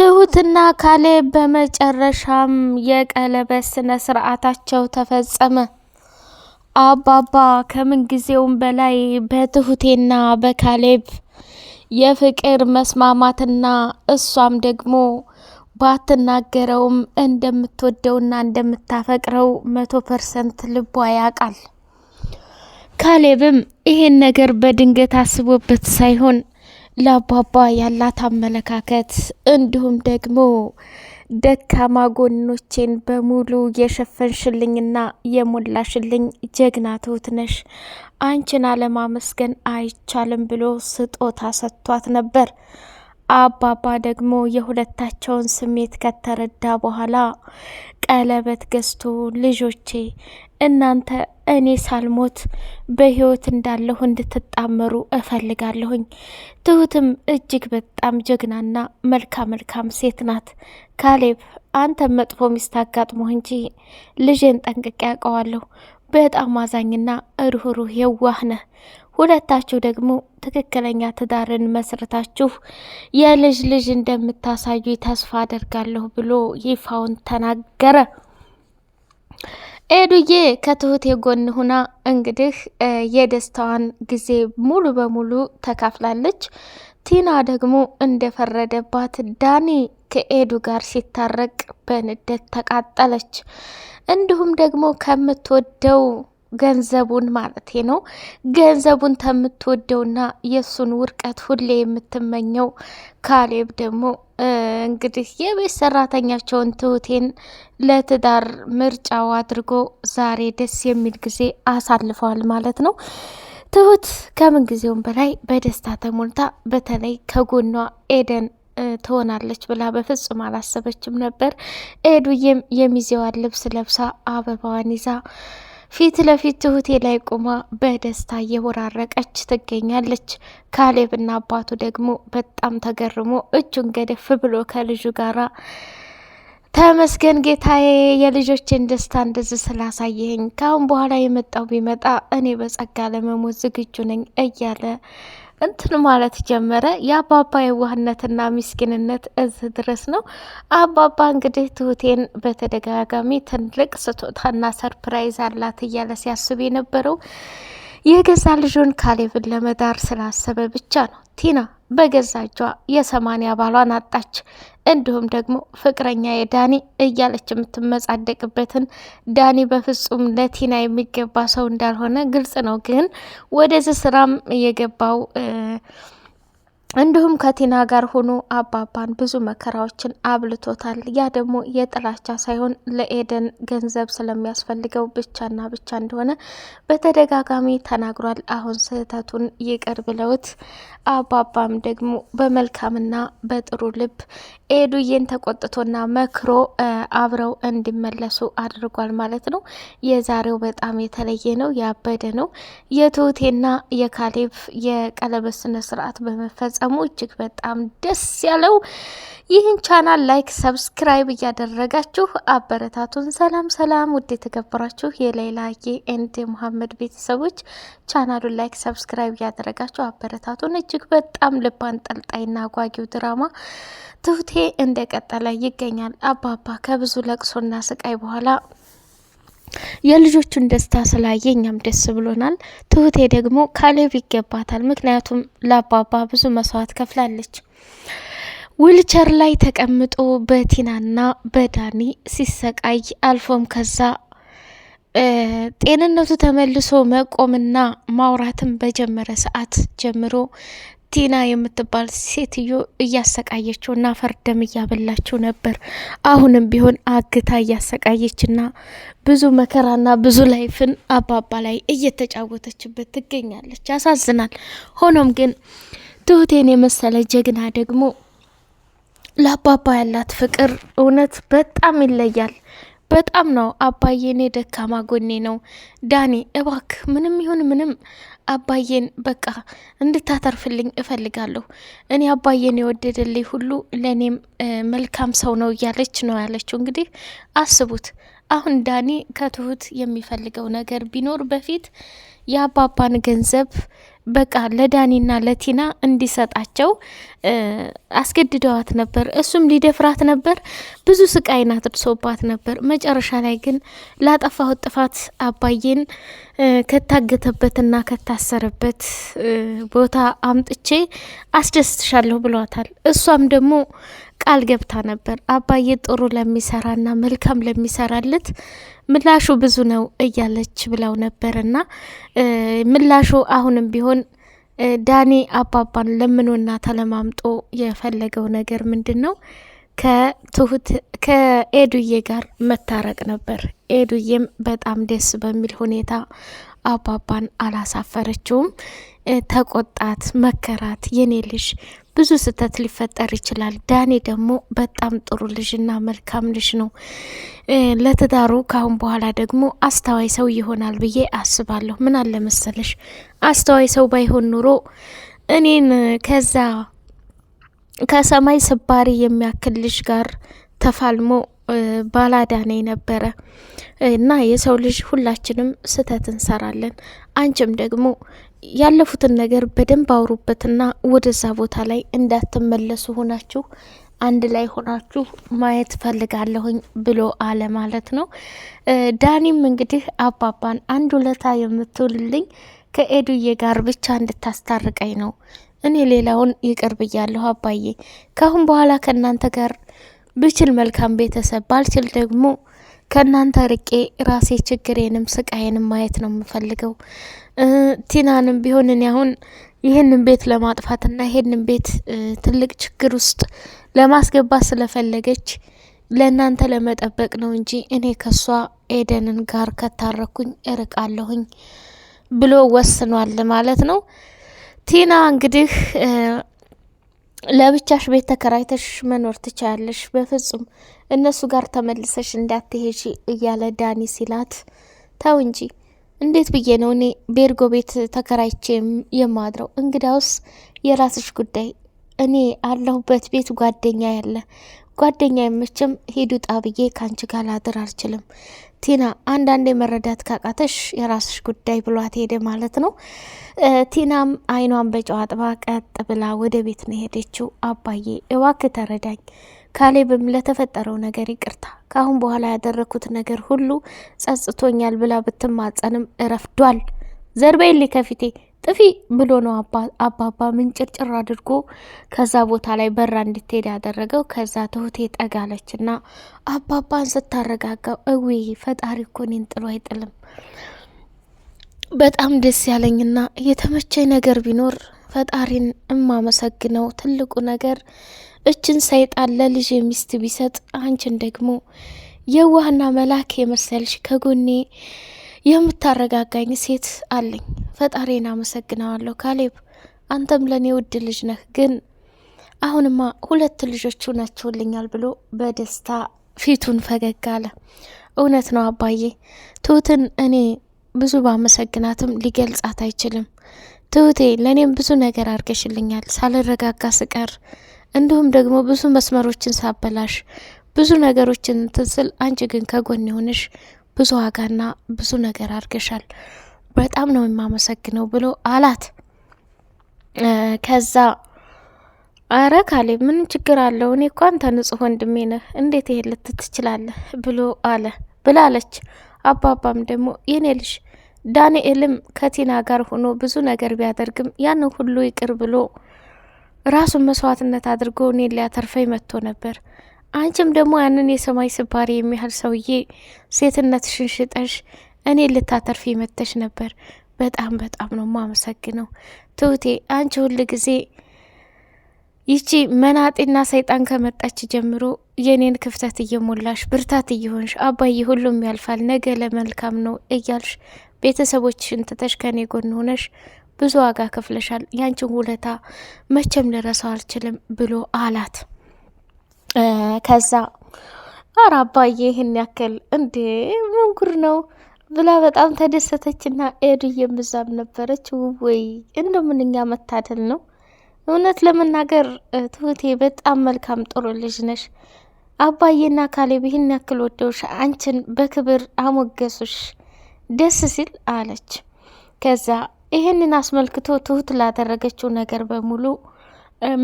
ትሁትና ካሌብ በመጨረሻም የቀለበት ስነ ስርዓታቸው ተፈጸመ። አባባ ከምንጊዜውም በላይ በትሁቴና በካሌብ የፍቅር መስማማትና እሷም ደግሞ ባትናገረውም እንደምትወደውና እንደምታፈቅረው መቶ ፐርሰንት ልቧ ያውቃል። ካሌብም ይህን ነገር በድንገት አስቦበት ሳይሆን ለአባባ ያላት አመለካከት እንዲሁም ደግሞ ደካማ ጎኖቼን በሙሉ የሸፈንሽልኝና የሞላሽልኝ ጀግና ትሁት ነሽ፣ አንቺን አለማመስገን አይቻልም ብሎ ስጦታ ሰጥቷት ነበር። አባባ ደግሞ የሁለታቸውን ስሜት ከተረዳ በኋላ ቀለበት ገዝቶ ልጆቼ እናንተ እኔ ሳልሞት በህይወት እንዳለሁ እንድትጣመሩ እፈልጋለሁኝ። ትሁትም እጅግ በጣም ጀግናና መልካ መልካም ሴት ናት። ካሌብ አንተ መጥፎ ሚስት አጋጥሞህ እንጂ ልጄን ጠንቅቄ ያውቀዋለሁ። በጣም አዛኝና ሩህሩህ የዋህ ነህ። ሁለታችሁ ደግሞ ትክክለኛ ትዳርን መስርታችሁ የልጅ ልጅ እንደምታሳዩ ተስፋ አደርጋለሁ ብሎ ይፋውን ተናገረ። ኤዱዬ ከትሁቴ ጎን ሁና እንግዲህ የደስታዋን ጊዜ ሙሉ በሙሉ ተካፍላለች። ቲና ደግሞ እንደፈረደባት ዳኒ ከኤዱ ጋር ሲታረቅ በንዴት ተቃጠለች። እንዲሁም ደግሞ ከምትወደው ገንዘቡን ማለቴ ነው። ገንዘቡን ተምትወደውና የእሱን ውርቀት ሁሌ የምትመኘው ካሌብ ደግሞ እንግዲህ የቤት ሰራተኛቸውን ትሁቴን ለትዳር ምርጫው አድርጎ ዛሬ ደስ የሚል ጊዜ አሳልፈዋል ማለት ነው። ትሁት ከምን ጊዜውም በላይ በደስታ ተሞልታ በተለይ ከጎኗ ኤደን ትሆናለች ብላ በፍጹም አላሰበችም ነበር። ኤዱዬም የሚዜዋን ልብስ ለብሳ አበባዋን ይዛ ፊት ለፊት ትሁቴ ላይ ቆማ በደስታ እየወራረቀች ትገኛለች። ካሌብና አባቱ ደግሞ በጣም ተገርሞ እጁን ገደፍ ብሎ ከልጁ ጋራ ተመስገን ጌታዬ፣ የልጆችን ደስታ እንደዚህ ስላሳየኝ። ካሁን በኋላ የመጣው ቢመጣ እኔ በጸጋ ለመሞት ዝግጁ ነኝ እያለ እንትን ማለት ጀመረ። የአባባ የዋህነትና ምስኪንነት እዚህ ድረስ ነው። አባባ እንግዲህ ትሁቴን በተደጋጋሚ ትልቅ ስጦታና ሰርፕራይዝ አላት እያለ ሲያስብ የነበረው የገዛ ልጁን ካሌብን ለመዳር ስላሰበ ብቻ ነው ቲና በገዛ እጇ የሰማንያ ባሏን አጣች። እንዲሁም ደግሞ ፍቅረኛ የዳኒ እያለች የምትመጻደቅበትን ዳኒ በፍጹም ለቲና የሚገባ ሰው እንዳልሆነ ግልጽ ነው። ግን ወደዚህ ስራም የገባው እንዲሁም ከቲና ጋር ሆኖ አባባን ብዙ መከራዎችን አብልቶታል። ያ ደግሞ የጥላቻ ሳይሆን ለኤደን ገንዘብ ስለሚያስፈልገው ብቻና ብቻ እንደሆነ በተደጋጋሚ ተናግሯል። አሁን ስህተቱን ይቅር ብለውት አባባም ደግሞ በመልካምና በጥሩ ልብ ኤዱዬን ተቆጥቶና መክሮ አብረው እንዲመለሱ አድርጓል ማለት ነው። የዛሬው በጣም የተለየ ነው፣ ያበደ ነው። የትሁቴና የካሌብ የቀለበት ስነስርዓት በመፈጸም መፈጸሙ እጅግ በጣም ደስ ያለው። ይህን ቻናል ላይክ፣ ሰብስክራይብ እያደረጋችሁ አበረታቱን። ሰላም ሰላም! ውድ የተከበራችሁ የሌላ የኤንድ መሐመድ ቤተሰቦች ቻናሉን ላይክ፣ ሰብስክራይብ እያደረጋችሁ አበረታቱን። እጅግ በጣም ልብ አንጠልጣይና አጓጊው ድራማ ትሁቴ እንደቀጠለ ይገኛል። አባባ ከብዙ ለቅሶና ስቃይ በኋላ የልጆቹን ደስታ ስላየ እኛም ደስ ብሎናል። ትሁቴ ደግሞ ካሌብ ይገባታል፣ ምክንያቱም ለአባባ ብዙ መስዋዕት ከፍላለች። ዊልቸር ላይ ተቀምጦ በቲናና በዳኒ ሲሰቃይ አልፎም ከዛ ጤንነቱ ተመልሶ መቆምና ማውራትን በጀመረ ሰዓት ጀምሮ ቲና የምትባል ሴትዮ እያሰቃየችው እና ፈርደም እያበላችው ነበር። አሁንም ቢሆን አግታ እያሰቃየችና ብዙ መከራና ብዙ ላይፍን አባባ ላይ እየተጫወተችበት ትገኛለች። ያሳዝናል። ሆኖም ግን ትሁቴን የመሰለ ጀግና ደግሞ ለአባባ ያላት ፍቅር እውነት በጣም ይለያል። በጣም ነው አባዬ፣ እኔ ደካማ ጎኔ ነው ዳኒ፣ እባክ ምንም ይሁን ምንም አባዬን በቃ እንድታተርፍልኝ እፈልጋለሁ። እኔ አባዬን የወደደልኝ ሁሉ ለእኔም መልካም ሰው ነው እያለች ነው ያለችው። እንግዲህ አስቡት አሁን ዳኒ ከትሁት የሚፈልገው ነገር ቢኖር በፊት የአባባን ገንዘብ በቃ ለዳኒና ለቲና እንዲሰጣቸው አስገድደዋት ነበር። እሱም ሊደፍራት ነበር። ብዙ ስቃይና ደርሶባት ነበር። መጨረሻ ላይ ግን ላጠፋሁት ጥፋት አባዬን ከታገተበትና ከታሰረበት ቦታ አምጥቼ አስደስትሻለሁ ብሏታል። እሷም ደግሞ ቃል ገብታ ነበር። አባዬ ጥሩ ለሚሰራና መልካም ለሚሰራለት ምላሹ ብዙ ነው እያለች ብለው ነበርና ምላሹ አሁንም ቢሆን ዳኒ አባባን ለምኖና ተለማምጦ የፈለገው ነገር ምንድን ነው? ከትሁት ከኤዱዬ ጋር መታረቅ ነበር። ኤዱዬም በጣም ደስ በሚል ሁኔታ አባባን አላሳፈረችውም። ተቆጣት፣ መከራት የኔ ልጅ ብዙ ስህተት ሊፈጠር ይችላል። ዳኔ ደግሞ በጣም ጥሩ ልጅና መልካም ልጅ ነው። ለትዳሩ ካሁን በኋላ ደግሞ አስተዋይ ሰው ይሆናል ብዬ አስባለሁ። ምን አለ መሰለሽ አስተዋይ ሰው ባይሆን ኑሮ እኔን ከዛ ከሰማይ ስባሪ የሚያክል ልጅ ጋር ተፋልሞ ባላዳኔ ነበረ እና የሰው ልጅ ሁላችንም ስህተት እንሰራለን። አንቺም ደግሞ ያለፉትን ነገር በደንብ አውሩበትና ወደዛ ቦታ ላይ እንዳትመለሱ ሆናችሁ አንድ ላይ ሆናችሁ ማየት ፈልጋለሁኝ ብሎ አለ ማለት ነው። ዳኒም እንግዲህ አባባን አንድ ውለታ የምትውልልኝ ከኤዱዬ ጋር ብቻ እንድታስታርቀኝ ነው። እኔ ሌላውን ይቅር ብያለሁ አባዬ። ካሁን በኋላ ከእናንተ ጋር ብችል መልካም ቤተሰብ፣ ባልችል ደግሞ ከእናንተ ርቄ ራሴ ችግሬንም ስቃዬንም ማየት ነው የምፈልገው። ቲናንም ቢሆን እኔ አሁን ይህንን ቤት ለማጥፋትና ይህንን ቤት ትልቅ ችግር ውስጥ ለማስገባት ስለፈለገች ለእናንተ ለመጠበቅ ነው እንጂ እኔ ከሷ ኤደንን ጋር ከታረኩኝ እርቃለሁኝ ብሎ ወስኗል ማለት ነው። ቲና እንግዲህ ለብቻሽ ቤት ተከራይተሽ መኖር ትችላለሽ፣ በፍጹም እነሱ ጋር ተመልሰሽ እንዳትሄጂ እያለ ዳኒ ሲላት፣ ተው እንጂ እንዴት ብዬ ነው እኔ ቤርጎ ቤት ተከራይቼ የማድረው? እንግዳውስ የራስሽ ጉዳይ። እኔ አለሁበት ቤት ጓደኛ ያለ ጓደኛ ሄዱ ሂዱ ጣብዬ ከአንቺ ጋር ላድር አልችልም። ቲና አንዳንዴ መረዳት ካቃተሽ የራስሽ ጉዳይ ብሏት ሄደ ማለት ነው። ቲናም አይኗን በጨዋጥባ ቀጥ ብላ ወደ ቤት ነው ሄደችው። አባዬ እባክህ ተረዳኝ ካሌብም ለተፈጠረው ነገር ይቅርታ ከአሁን በኋላ ያደረግኩት ነገር ሁሉ ጸጽቶኛል ብላ ብትማጸንም እረፍዷል። ዘርበይሌ ከፊቴ ጥፊ ብሎ ነው አባባ ምንጭርጭር አድርጎ ከዛ ቦታ ላይ በራ እንድትሄድ ያደረገው። ከዛ ትሁቴ ጠጋለች እና አባባን ስታረጋጋው እዊ ፈጣሪ እኮ እኔን ጥሎ አይጥልም። በጣም ደስ ያለኝና የተመቸኝ ነገር ቢኖር ፈጣሪን እማመሰግነው ትልቁ ነገር እችን ሰይጣን ለልጅ ሚስት ቢሰጥ አንቺን ደግሞ የዋህና መላክ የመሰልሽ ከጎኔ የምታረጋጋኝ ሴት አለኝ። ፈጣሪን አመሰግነዋለሁ። ካሌብ አንተም ለእኔ ውድ ልጅ ነህ፣ ግን አሁንማ ሁለት ልጆቹ ናቸውልኛል ብሎ በደስታ ፊቱን ፈገግ አለ። እውነት ነው አባዬ፣ ትሁትን እኔ ብዙ ባመሰግናትም ሊገልጻት አይችልም። ትሁቴ ለእኔም ብዙ ነገር አድርገሽልኛል ሳልረጋጋ ስቀር እንዲሁም ደግሞ ብዙ መስመሮችን ሳበላሽ ብዙ ነገሮችን ትስል፣ አንቺ ግን ከጎን የሆንሽ ብዙ ዋጋና ብዙ ነገር አድርገሻል፣ በጣም ነው የማመሰግነው ብሎ አላት። ከዛ አረ ካሌ ምን ችግር አለው? እኔ እኮ አንተ ንጹሕ ወንድሜ ነህ፣ እንዴት ይሄ ልትት ትችላለህ? ብሎ አለ ብላለች። አባባም ደግሞ የኔ ልጅ። ዳንኤልም ከቲና ጋር ሆኖ ብዙ ነገር ቢያደርግም ያንን ሁሉ ይቅር ብሎ ራሱን መስዋዕትነት አድርጎ እኔን ሊያተርፈኝ መጥቶ ነበር። አንቺም ደግሞ ያንን የሰማይ ስባሪ የሚያህል ሰውዬ ሴትነት ሽንሽጠሽ እኔን ልታተርፊ መጥተሽ ነበር። በጣም በጣም ነው ማመሰግነው ትውቴ። አንቺ ሁል ጊዜ ይቺ መናጤና ሰይጣን ከመጣች ጀምሮ የኔን ክፍተት እየሞላሽ ብርታት እየሆንሽ አባዬ፣ ሁሉም ያልፋል ነገ ለመልካም ነው እያልሽ ቤተሰቦችሽን ትተሽ ከኔ ጎን ሆነሽ ብዙ ዋጋ ከፍለሻል፣ ያንቺን ውለታ መቼም ልረሳው አልችልም ብሎ አላት። ከዛ አረ አባዬ ይህን ያክል እንዴ ምን ጉር ነው ብላ በጣም ተደሰተችና ኤዱ እምብዛም ነበረች። ውወይ እንደ ምንኛ መታደል ነው። እውነት ለመናገር ትሁቴ በጣም መልካም ጥሩ ልጅ ነሽ። አባዬና ካሌብ ይህን ያክል ወደውሽ አንቺን በክብር አሞገሱሽ። ደስ ሲል አለች። ከዛ ይህንን አስመልክቶ ትሁት ላደረገችው ነገር በሙሉ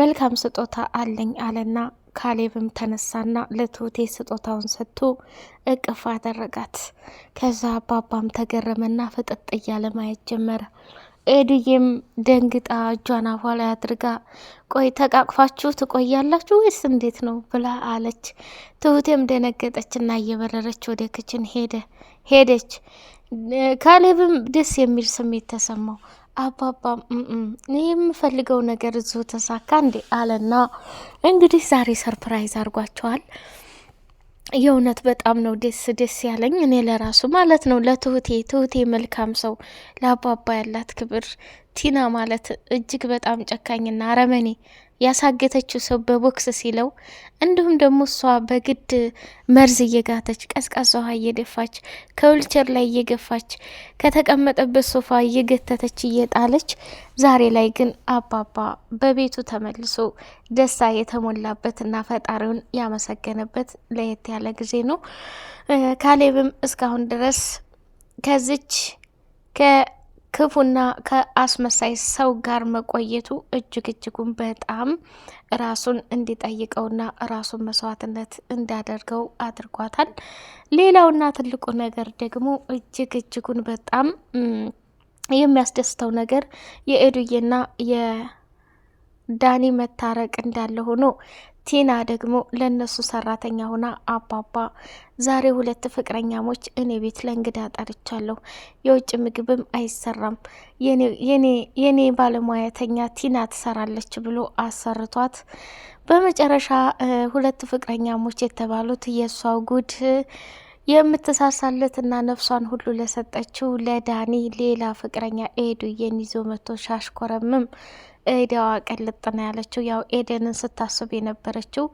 መልካም ስጦታ አለኝ አለና ካሌብም ተነሳና ለትሁቴ ስጦታውን ሰጥቶ እቅፍ አደረጋት። ከዛ አባባም ተገረመና ፈጠጥ እያለ ማየት ጀመረ። ኤድዬም ደንግጣ እጇን አፏ ላይ አድርጋ ቆይ ተቃቅፋችሁ ትቆያላችሁ ወይስ እንዴት ነው ብላ አለች። ትሁቴም ደነገጠችና እየበረረች ወደ ክችን ሄደ ሄደች ካሌብም ደስ የሚል ስሜት ተሰማው። አባባ የምፈልገው ነገር እዙ ተሳካ እንዴ አለና እንግዲህ ዛሬ ሰርፕራይዝ አድርጓቸዋል። የእውነት በጣም ነው ደስ ደስ ያለኝ እኔ ለራሱ ማለት ነው ለትሁቴ ትሁቴ መልካም ሰው ለአባባ ያላት ክብር ቲና ማለት እጅግ በጣም ጨካኝና አረመኔ ያሳገተችው ሰው በቦክስ ሲለው፣ እንዲሁም ደግሞ እሷ በግድ መርዝ እየጋተች ቀዝቃዛ ውሃ እየደፋች ከዊልቸር ላይ እየገፋች ከተቀመጠበት ሶፋ እየገተተች እየጣለች፣ ዛሬ ላይ ግን አባባ በቤቱ ተመልሶ ደስታ የተሞላበትና ፈጣሪውን ያመሰገነበት ለየት ያለ ጊዜ ነው። ካሌብም እስካሁን ድረስ ከዚች ክፉና ከአስመሳይ ሰው ጋር መቆየቱ እጅግ እጅጉን በጣም ራሱን እንዲጠይቀውና ራሱን መስዋዕትነት እንዳደርገው አድርጓታል። ሌላውና ትልቁ ነገር ደግሞ እጅግ እጅጉን በጣም የሚያስደስተው ነገር የኤዱዬና የዳኒ መታረቅ እንዳለ ሆኖ ቲና ደግሞ ለእነሱ ሰራተኛ ሆና አባባ ዛሬ ሁለት ፍቅረኛሞች እኔ ቤት ለእንግዳ ጠርቻለሁ፣ የውጭ ምግብም አይሰራም፣ የኔ ባለሙያተኛ ቲና ትሰራለች ብሎ አሰርቷት፣ በመጨረሻ ሁለት ፍቅረኛሞች የተባሉት የእሷ ጉድ የምትሳሳለትና ነፍሷን ሁሉ ለሰጠችው ለዳኒ ሌላ ፍቅረኛ ኤዱዬን ይዞ መጥቶ ኮረምም እዳዋ ቀልጥና ያለችው ያው ኤደንን ስታስብ የነበረችው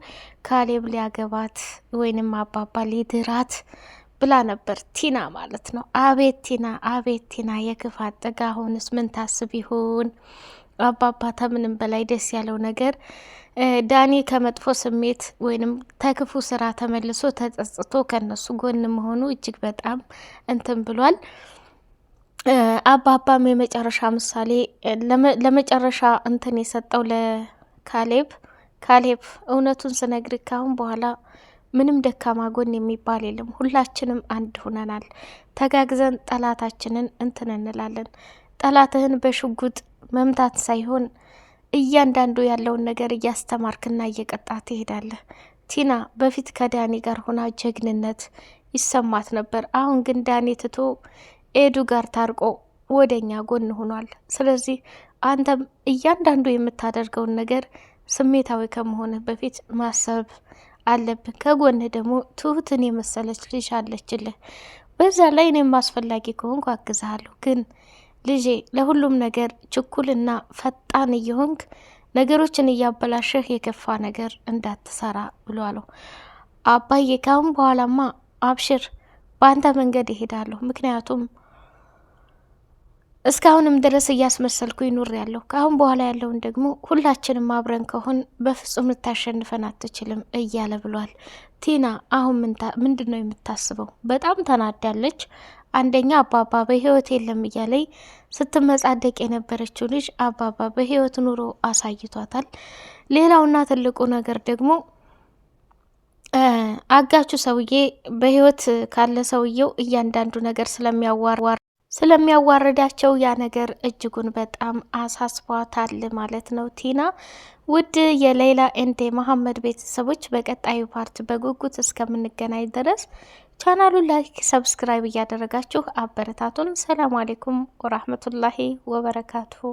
ካሌብ ሊያገባት ወይንም አባባ ሊድራት ብላ ነበር። ቲና ማለት ነው። አቤት ቲና፣ አቤት ቲና የክፋት ጥግ! አሁንስ ምን ታስብ ይሆን? አባባ ከምንም በላይ ደስ ያለው ነገር ዳኒ ከመጥፎ ስሜት ወይንም ከክፉ ስራ ተመልሶ ተጸጽቶ ከነሱ ጎን መሆኑ እጅግ በጣም እንትን ብሏል። አባባም የመጨረሻ ምሳሌ ለመጨረሻ እንትን የሰጠው ለካሌብ ካሌብ እውነቱን ስነግር ካሁን በኋላ ምንም ደካማ ጎን የሚባል የለም። ሁላችንም አንድ ሁነናል። ተጋግዘን ጠላታችንን እንትን እንላለን። ጠላትህን በሽጉጥ መምታት ሳይሆን እያንዳንዱ ያለውን ነገር እያስተማርክና እየቀጣ ትሄዳለህ። ቲና በፊት ከዳኒ ጋር ሆና ጀግንነት ይሰማት ነበር። አሁን ግን ዳኒ ትቶ ኤዱ ጋር ታርቆ ወደኛ ጎን ሆኗል። ስለዚህ አንተም እያንዳንዱ የምታደርገውን ነገር ስሜታዊ ከመሆንህ በፊት ማሰብ አለብን። ከጎንህ ደግሞ ትሁትን የመሰለች ልጅ አለችልህ። በዛ ላይ እኔም አስፈላጊ ከሆንኩ አግዝሃለሁ። ግን ልጄ ለሁሉም ነገር ችኩልና ፈጣን እየሆንክ ነገሮችን እያበላሸህ የከፋ ነገር እንዳትሰራ ብሎ አለው። አባዬ ካሁን በኋላማ አብሽር በአንተ መንገድ ይሄዳለሁ። ምክንያቱም እስካሁንም ድረስ እያስመሰልኩ ይኑር ያለሁ ከአሁን በኋላ ያለውን ደግሞ ሁላችንም አብረን ከሆን በፍጹም ልታሸንፈን አትችልም እያለ ብሏል። ቲና አሁን ምንድን ነው የምታስበው? በጣም ተናዳለች። አንደኛ አባባ በህይወት የለም እያለኝ ስትመጻደቅ የነበረችው ልጅ አባባ በህይወት ኑሮ አሳይቷታል። ሌላውና ትልቁ ነገር ደግሞ አጋቹ ሰውዬ በህይወት ካለ ሰውየው እያንዳንዱ ነገር ስለሚያዋርዋር ስለሚያዋርዳቸው ያ ነገር እጅጉን በጣም አሳስቧታል ማለት ነው። ቲና ውድ የሌላ ኤንድ መሐመድ ቤተሰቦች በቀጣዩ ፓርት በጉጉት እስከምንገናኝ ድረስ ቻናሉን ላይክ፣ ሰብስክራይብ እያደረጋችሁ አበረታቱን። ሰላም አሌይኩም ወራህመቱላሂ ወበረካቱሁ።